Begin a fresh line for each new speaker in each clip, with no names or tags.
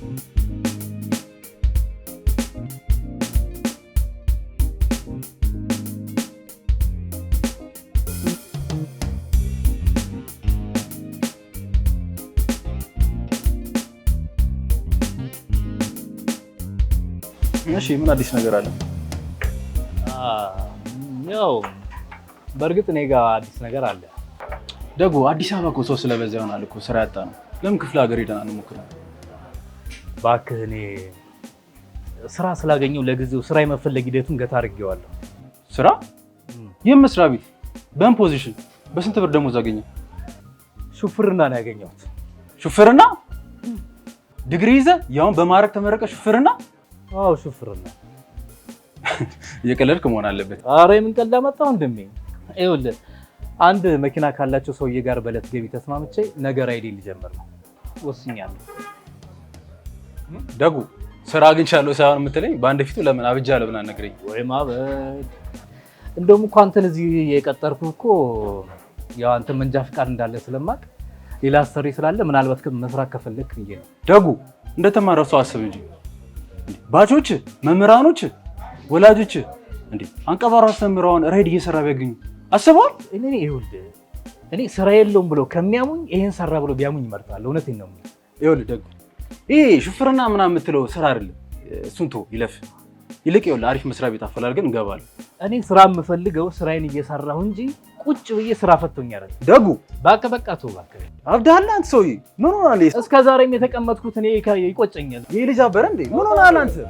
እሺ ምን አዲስ ነገር አለ?
ያው በእርግጥ እኔ ጋር አዲስ ነገር አለ።
ደጉ አዲስ አበባ እኮ ሰው ስለበዛ ይሆናል እኮ ስራ ያጣ ነው። ለምን ክፍለ ሀገር ሄደን አንሞክርም?
እባክህ እኔ ስራ ስላገኘው ለጊዜው ስራ የመፈለግ ሂደቱን ገታ አድርጌዋለሁ።
ስራ? ይህም መስሪያ ቤት በምን ፖዚሽን በስንት ብር ደሞዝ አገኘ?
ሹፍርና ነው ያገኘሁት።
ሹፍርና? ዲግሪ ይዘ ያውን በማዕረግ ተመረቀ ሹፍርና?
አዎ ሹፍርና።
እየቀለድክ መሆን አለበት።
አረ የምን ቀልድ ይኸውልህ አንድ መኪና ካላቸው ሰውዬ ጋር በዕለት ገቢ ተስማምቼ ነገር አይዴ ሊጀምር ነው ወስኛለሁ።
ደጉ ስራ አግኝቻለሁ ሳይሆን የምትለኝ በአንድ ፊቱ ለምን አብጃለሁ ብና ነግረኝ።
ወይ ማበድ እንደውም እኮ አንተን እዚህ የቀጠርኩ እኮ ያው አንተ መንጃ ፍቃድ እንዳለ ስለማቅ ሌላ አሰሪ ስላለ ምናልባት ግን መስራት ከፈለክ ብዬ ነው።
ደጉ እንደተማረው ሰው አስብ እንጂ ባቾች፣ መምህራኖች፣ ወላጆች እንዴ አንቀባራ አስተምረውን ሬድ እየሰራ ቢያገኙ አስበዋል።
እኔ ይኸውልህ እኔ ስራ የለውም ብሎ ከሚያሙኝ ይሄን ሰራ ብሎ ቢያሙኝ ይመርጣል። እውነት ነው።
ይኸውልህ ደጉ ይሄ ሹፍርና ምናምን የምትለው ስራ አይደለም። እሱን ይለፍ ይልቅ ይኸውልህ አሪፍ መስሪያ ቤት አፈላልገን እንገባለን።
እኔ ስራ የምፈልገው ስራዬን እየሰራሁ እንጂ ቁጭ ብዬ ስራ ፈቶኛል። ደጉ በቃ በቃ ተው
አንተ ሰውዬ፣ ምን ሆናል?
እስከ ዛሬም የተቀመጥኩት እኔ ይቆጨኛል።
ልጅ አበረ እንዴ? ምን ሆናል አንተ?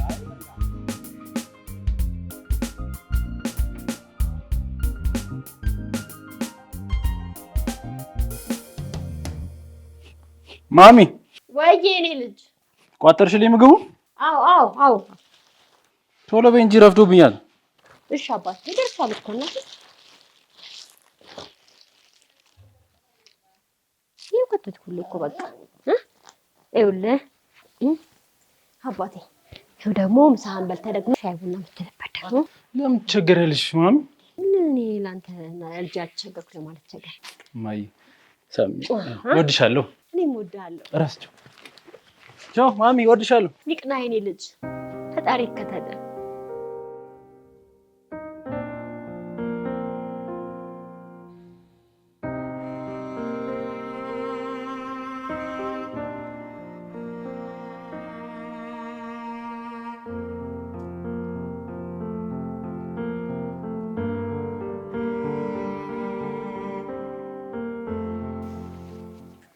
ማሚ
ወይዬ፣ እኔ ልጅ
ቋጠርሽልኝ ምግቡ?
አዎ አዎ አዎ።
ቶሎ በይ እንጂ ረፍዶብኛል።
እሺ አባት ይደርሳል እኮ ነው። ይሄው ሁሉ እኮ በቃ ይኸውልህ አባቴ ይኸው ደግሞ ምሳህን በልተህ ደግሞ ሻይ ቡና የምትልበት ደግሞ
ለምን ቸገረልሽ? ማም
እኔ ለአንተ ልጅ አልተቸገርኩ ለማለት ቸገር
ማይ ሰሚ ወድሻለሁ።
እኔም ወድሃለሁ።
እረስቸው ቻው ማሚ፣ እወድሻለሁ።
ይቅና የኔ ልጅ፣ ፈጣሪ ይከተለ።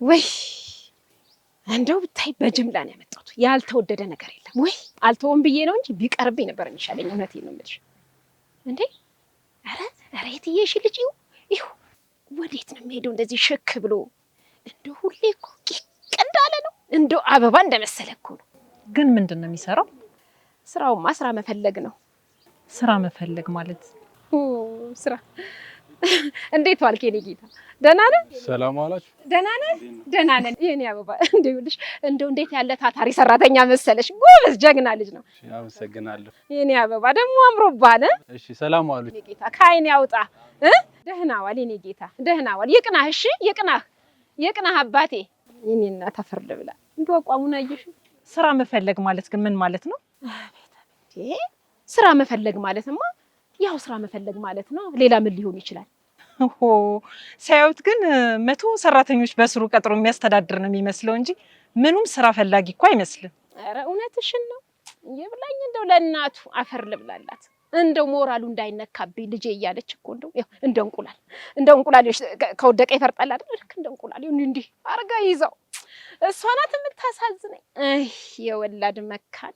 ወይ እንደው ሳይ በጅምላ ነው ያመጣሁት። ያልተወደደ ነገር የለም። ወይ አልተወም ብዬ ነው እንጂ ቢቀርብኝ ነበር የሚሻለኝ። እውነት ነው የምልሽ። እንዴ ኧረ ኧረ የትዬ ልጅ ይሁ ወዴት ነው የሚሄደው? እንደዚህ ሽክ ብሎ እንደ ሁሌ እኮ ቂቅ እንዳለ ነው፣ እንደ አበባ እንደመሰለ እኮ ነው።
ግን ምንድን ነው የሚሰራው?
ስራውማ ስራ መፈለግ ነው።
ስራ መፈለግ ማለት
ስራ እንዴት ዋልክ የኔ ጌታ? ደህና ነህ?
ሰላም ዋላችሁ።
ደህና ነህ? ደህና ነን። የኔ አበባ እንደውልሽ እንደው እንዴት ያለ ታታሪ ሰራተኛ መሰለሽ! ጎበዝ ጀግና ልጅ ነው።
አመሰግናለሁ።
የኔ አበባ ደግሞ አምሮባል።
እሺ፣ ሰላም ዋሉ።
ጌታ ከአይን ያውጣ። ደህና ዋል የኔ ጌታ፣ ደህና ዋል። የቅናህ እሺ፣ የቅናህ የቅናህ አባቴ። የኔ እናት አፈር ልብላ። እንደው አቋሙን አየሽ።
ስራ መፈለግ ማለት ግን ምን ማለት ነው?
ስራ መፈለግ ማለትማ ያው ስራ መፈለግ ማለት ነው። ሌላ ምን ሊሆን ይችላል?
ሆ ሲያዩት ግን መቶ ሰራተኞች በስሩ ቀጥሮ የሚያስተዳድር ነው የሚመስለው እንጂ ምኑም ስራ ፈላጊ እኮ አይመስልም።
ኧረ እውነትሽን ነው። ይብላኝ እንደው ለእናቱ አፈር ልብላላት እንደው ሞራሉ እንዳይነካብኝ ልጄ እያለች እኮ እንደው እንደ እንቁላል እንደ እንቁላል ከወደቀ ይፈርጣል አይደል? ልክ እንደ እንቁላል እንዲህ አርጋ ይዘው እሷ ናት የምታሳዝነኝ። አይ የወላድ መካን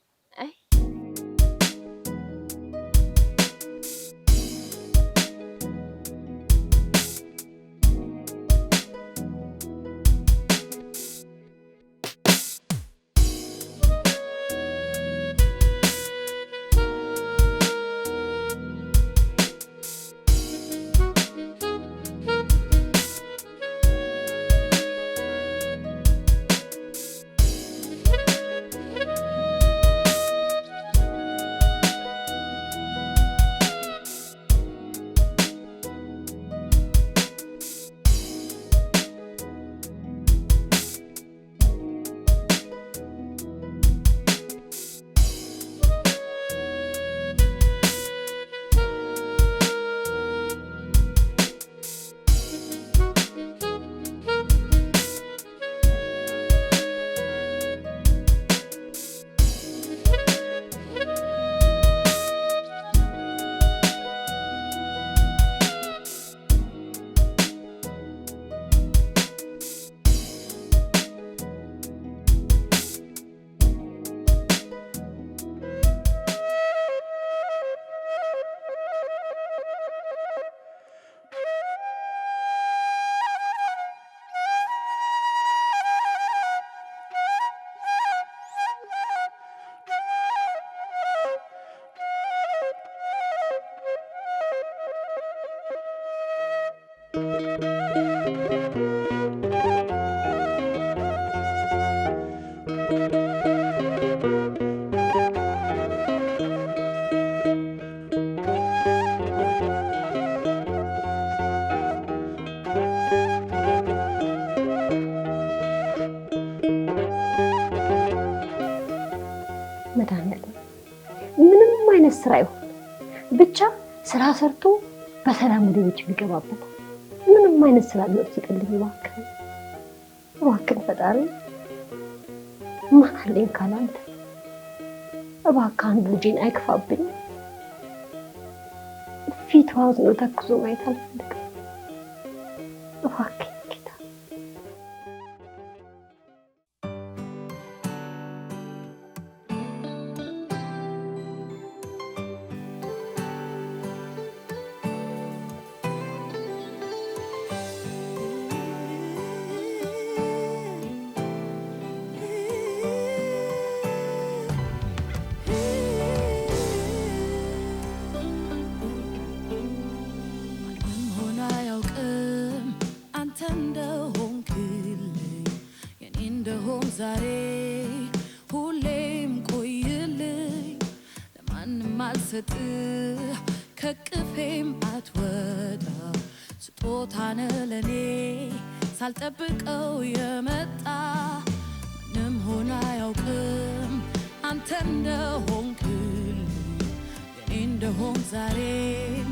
አይነት ስራ ይሁን ብቻ ስራ ሰርቶ በሰላም ወደ ቤት የሚገባበት ምንም አይነት ስራ ቢወድ ስጥልኝ። እባክህን እባክህን ፈጣሪ ማን አለኝ ካላንተ እባክህ አንዱ ልጄን አይክፋብኝ። ፊቷ አዝኖ ተክዞ ማየት አልፈልግም። አትሰጥህ ከቅፌም አትወጣ ስጦታነ ለኔ ሳልጠብቀው የመጣ ምንም ሆነ አያውቅም አንተ እንደሆንክል የኔ እንደሆን ዛሬም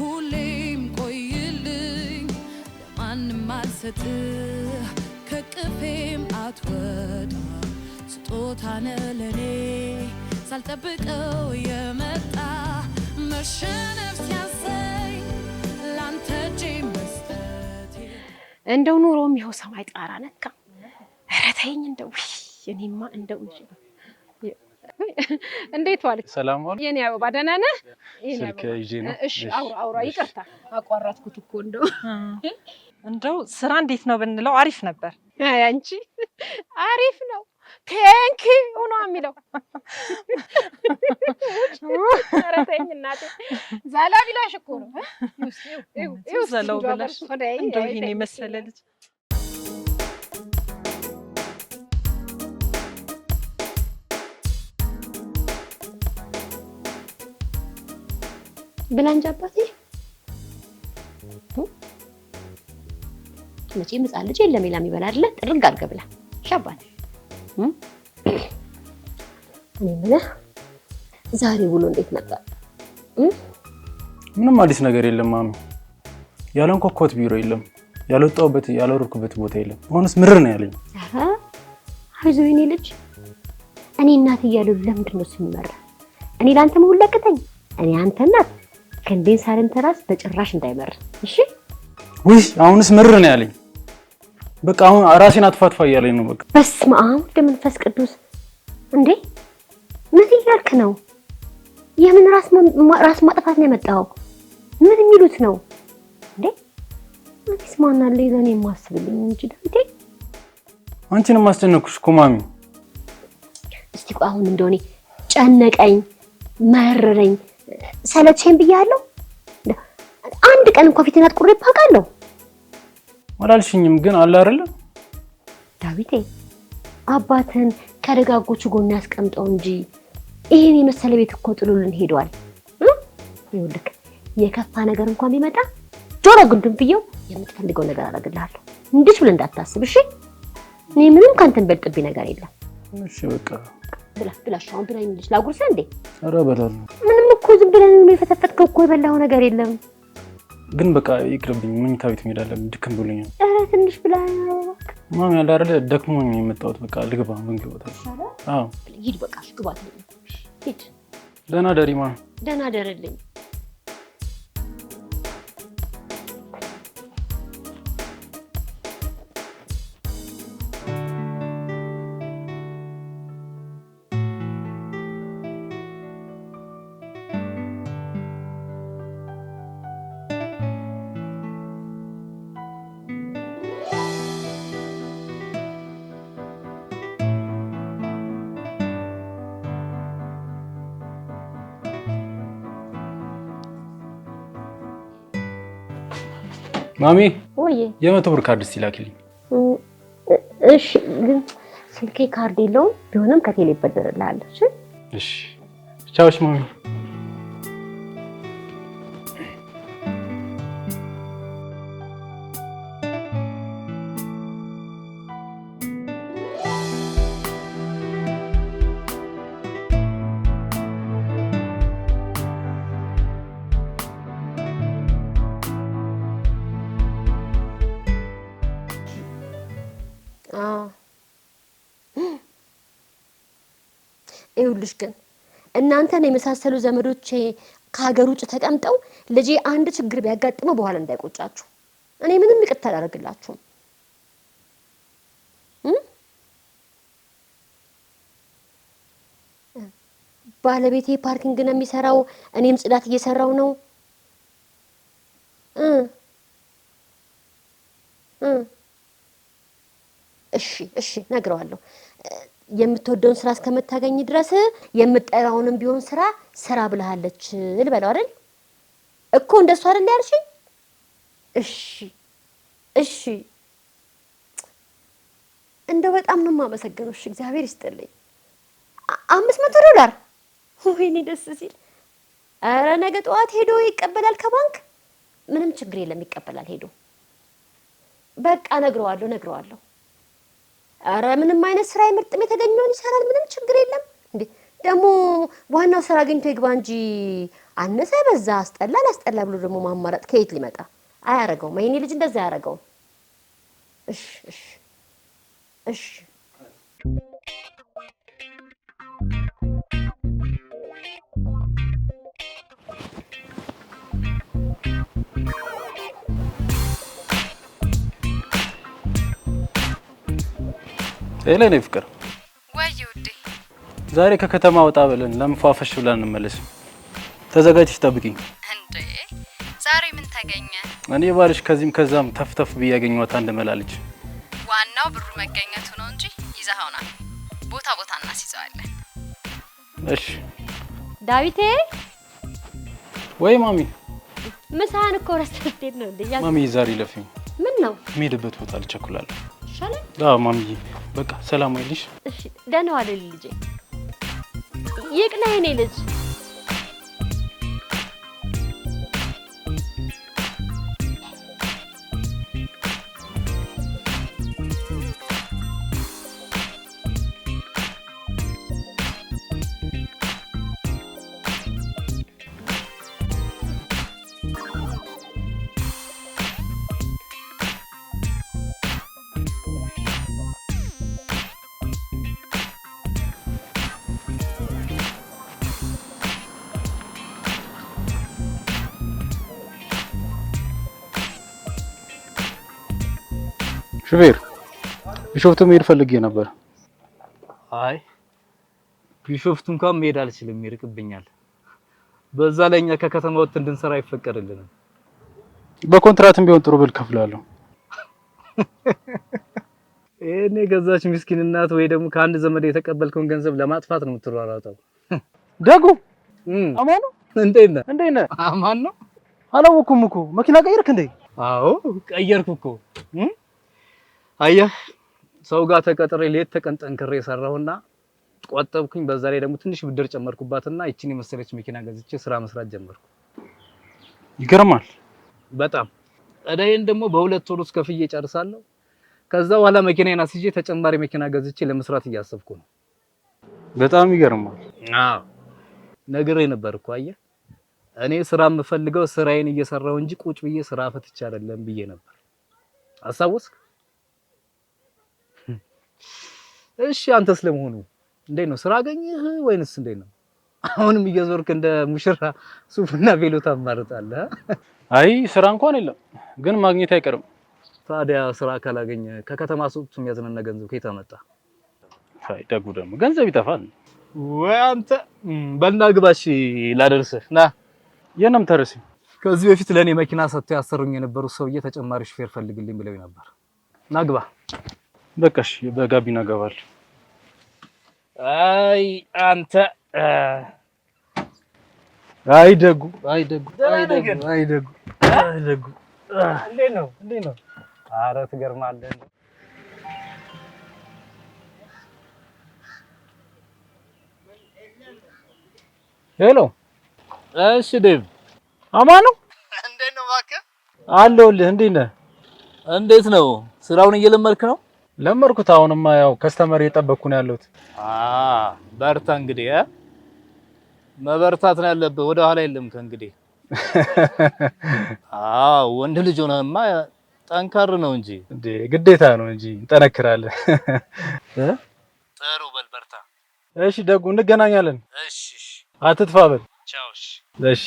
ሁሌም ቆይልኝ ለማንም አልሰጥ ከቅፌም አትወጣ ስጦታነ ለኔ ሳልጠብቀው የመጣ መሸነፍ ሲያሰኝ ላንተ እጄ መስጠት እንደው ኑሮም ይኸው ሰማይ ጣራ ነካ። ኧረ ተይኝ እንደው እኔማ እንደው እንዴት ዋልክ? ሰላም ዋል። የኔ አበባ ደህና ነህ?
ስልክ ይዤ ነው።
እሺ አውራ አውራ። ይቅርታ አቋረጥኩት እኮ እንደው
እንደው ስራ እንዴት ነው ብንለው አሪፍ ነበር።
አንቺ አሪፍ ነው ቴንኪ ሆኖ የሚለው ኧረ ተይኝ እናቴ፣ ዛላ እኮ ነው
ብላሽ እንደው ይሄን የመሰለ ልጅ
አባቴ መቼም ሕፃን ልጅ የለም ሌላ የሚበላ አይደለ? ጥርግ አድርገህ ብላ የምልህ ዛሬ ብሎ እንዴት መጣ?
ምንም አዲስ ነገር የለም ማሚ። ያለንኳኳት ቢሮ የለም፣ ያልወጣሁበት ያልወረድኩበት ቦታ የለም። በሆነስ ምር ነው ያለኝ።
አይዞ የኔ ልጅ፣ እኔ እናት እያሉ ለምንድን ነው ስንመራ? እኔ ለአንተ መሆን ላቅተኝ? እኔ አንተ እናት ከንዴን ሳልንተራስ በጭራሽ እንዳይመር እሺ።
ውይ አሁንስ ምር ነው ያለኝ። በቃ አሁን ራሴን አትፋትፋ እያለኝ ነው። በቃ
በስመ አብ ወወልድ ወመንፈስ ቅዱስ። እንዴ ምን እያልክ ነው? የምን ራስ ማጥፋት ነው የመጣኸው? ምን የሚሉት ነው እንዴ? አዲስ ማናለ ለኔ የማስብልኝ እንጂ ዳንቴ፣
አንቺን የማስጨነኩሽ እኮ ማሚ።
እስቲ ቆይ አሁን እንደሆነ ጨነቀኝ፣ መረረኝ፣ ሰለቼን ብያለሁ። አንድ ቀን እንኳን ፊቴን አትቁሬ አውቃለሁ
አላልሽኝም ግን አለ አይደለ
ዳዊቴ፣ አባትን ከደጋጎቹ ጎን ያስቀምጠው እንጂ ይህን የመሰለ ቤት እኮ ጥሎልን ሄደዋል። ይኸውልህ የከፋ ነገር እንኳን ቢመጣ ጆሮ ግንዱን ፍየው የምትፈልገው ነገር አደርግልሃለሁ። እንዴት ብለህ እንዳታስብ እሺ? እኔ ምንም ከአንተ የሚበልጥብኝ ነገር የለም። እሺ በቃ ብላ ብላ አሁን ብላ ላጉርሰህ እንዴ? ኧረ በላ ምንም እኮ ዝም ብለን የፈተፈትከው እኮ የበላኸው ነገር የለም።
ግን በቃ ይቅርብኝ፣ መኝታ ቤት መሄድ አለብኝ። ድክም ብሎኛል።
ኧረ ትንሽ ብላ
ማሚ ያለ አይደለ ደክሞኝ የመጣሁት በቃ ልግባ። ምግብ ቦታ
ሂድ፣ በቃ ግባት። ሂድ። ደህና ማ ደህና ደርልኝ። ማሚ ወይ
የመቶ ብር ካርድ ሲላክልኝ።
እሺ፣ ግን ስልኬ ካርድ የለውም። ቢሆንም ከቴሌ ይበደርልሃል። እሺ፣
እሺ፣ ቻውሽ ማሚ
እናንተን የመሳሰሉ ዘመዶቼ ከሀገር ውጭ ተቀምጠው ልጄ አንድ ችግር ቢያጋጥመው በኋላ እንዳይቆጫችሁ እኔ ምንም ይቅርታ አላደርግላችሁም። ባለቤቴ ፓርኪንግ ነው የሚሰራው፣ እኔም ጽዳት እየሰራው ነው። እሺ እሺ፣ ነግረዋለሁ። የምትወደውን ስራ እስከምታገኝ ድረስ የምጠራውንም ቢሆን ስራ ስራ ብለሃለች ልበለው አይደል? እኮ እንደሱ አይደል ያልሽኝ? እሺ እሺ፣ እንደው በጣም ነው የማመሰግነው። እሺ፣ እግዚአብሔር ይስጥልኝ። አምስት መቶ ዶላር ወይኔ ደስ ሲል። ኧረ ነገ ጠዋት ሄዶ ይቀበላል ከባንክ። ምንም ችግር የለም ይቀበላል ሄዶ። በቃ ነግረዋለሁ፣ ነግረዋለሁ። ኧረ ምንም አይነት ስራ አይመርጥም። የተገኘውን ይሰራል። ምንም ችግር የለም። እንዴ ደግሞ ዋናው ስራ አግኝቶ ይግባ እንጂ አነሰ በዛ፣ አስጠላ ላስጠላ ብሎ ደግሞ ማማረጥ ከየት ሊመጣ አያረገውም። ይሄኔ ልጅ እንደዛ አያረገውም። እሺ እሺ እሺ ሄሎ የኔ ፍቅር፣ ወይ ውዴ፣
ዛሬ ከከተማ ወጣ ብለን ለመፏፈሽ ብለን እንመለስ። ተዘጋጅሽ ጠብቂኝ።
እንዴ ዛሬ ምን ተገኘ?
እኔ ባልሽ ከዚህም ከዛም ተፍተፍ ብዬ ያገኘኋት አንድ መላልጅ።
ዋናው ብሩ መገኘቱ ነው እንጂ ይዘኸውናል። ቦታ ቦታ እናስይዘዋለን። እሺ ዳዊቴ። ወይ ማሚ፣ ምሳህን እኮ ረስተህ ስትሄድ ነው እንዴ?
ማሚ ዛሬ ለፊኝ። ምን ነው? የምሄድበት ቦታ ልቸኩላለሁ ይሻላል። ማምዬ በቃ ሰላም አይልሽ? እሺ፣
ደህና ዋለልኝ ልጄ። ይቅና የኔ ልጅ
ሹፌር ቢሾፍቱ መሄድ ፈልጌ ነበር።
አይ ቢሾፍቱ እንኳን መሄድ አልችልም፣ ይርቅብኛል። በዛ ላይ እኛ ከከተማ ወጥ እንድንሰራ አይፈቀድልንም።
በኮንትራትም ቢሆን ጥሩ ብል ከፍላለሁ።
ይሄን የገዛች ምስኪን እናት ወይ ደግሞ ከአንድ ዘመድ የተቀበልከውን ገንዘብ ለማጥፋት ነው የምትሯሯጠው።
ደጉ አማኑ እንዴት ነህ? እንዴት ነህ? አማን ነው። አላወኩም እኮ መኪና ቀየርክ እንዴ?
አዎ ቀየርኩ እኮ አየህ ሰው ጋር ተቀጥሬ ሌት ተቀን ጠንክሬ ሰራሁና ቆጠብኩኝ። በዛ ላይ ደግሞ ትንሽ ብድር ጨመርኩባትና ይቺን የመሰለች መኪና ገዝቼ ስራ መስራት ጀመርኩ። ይገርማል በጣም እዳዬን ደግሞ በሁለት ወር ውስጥ ከፍዬ ጨርሳለሁ። ከዛ በኋላ መኪናዬን አስይዤ ተጨማሪ መኪና ገዝቼ ለመስራት እያሰብኩ ነው።
በጣም ይገርማል።
አዎ ነግሬ ነበር እኮ አየህ እኔ ስራ የምፈልገው ስራዬን እየሰራሁ እንጂ ቁጭ ብዬ ስራ ፈትቼ አይደለም ብዬ ነበር። አስታወስክ? እሺ አንተስ ለመሆኑ እንዴት ነው? ስራ አገኘህ ወይንስ እንዴት ነው? አሁንም እየዞርክ እንደ ሙሽራ ሱፍና ቬሎ ታማርጣለህ?
አይ ስራ እንኳን የለም፣ ግን ማግኘት አይቀርም።
ታዲያ ስራ ካላገኘ ከከተማ ሱቅ የሚያዝናና ገንዘብ ከየት አመጣ?
አይ ደጉ ደግሞ ገንዘብ ይጠፋል።
ወይ አንተ በልና ግባሽ ላደርስህ ና። የነም ተርሲ ከዚህ በፊት ለእኔ መኪና ሰጥቶ ያሰሩኝ የነበሩ ሰውዬ ተጨማሪ ሹፌር ፈልግልኝ ብለው ነበር። ናግባ
በቃሽ፣ እሺ፣ በጋቢና እገባለሁ።
አይ አንተ አይ ደጉ አይ ደጉ
አይ ደጉ አይ ደጉ አይ ደጉ
እንዴት ነው? እንዴት ነው? ኧረ ትገርማለህ። ሄሎ፣ እሺ ዴቭ፣
አማኑ
እንዴት ነው? እባክህ
አለሁልህ። እንዴት ነህ?
እንዴት ነው? ስራውን እየለመድክ ነው?
ለመርኩት። አሁንማ ያው ከስተመር እየጠበቅኩ ነው ያለሁት።
በርታ እንግዲህ መበርታት ነው ያለብህ። ወደ ኋላ የለም ከእንግዲህ። ወንድ ልጅ ሆነህማ ጠንካር ነው እንጂ
ግዴታ ነው እንጂ እንጠነክራለን።
ጥሩ በል በርታ።
እሺ ደጉ፣ እንገናኛለን። እሺ አትጥፋ በል። ቻው። እሺ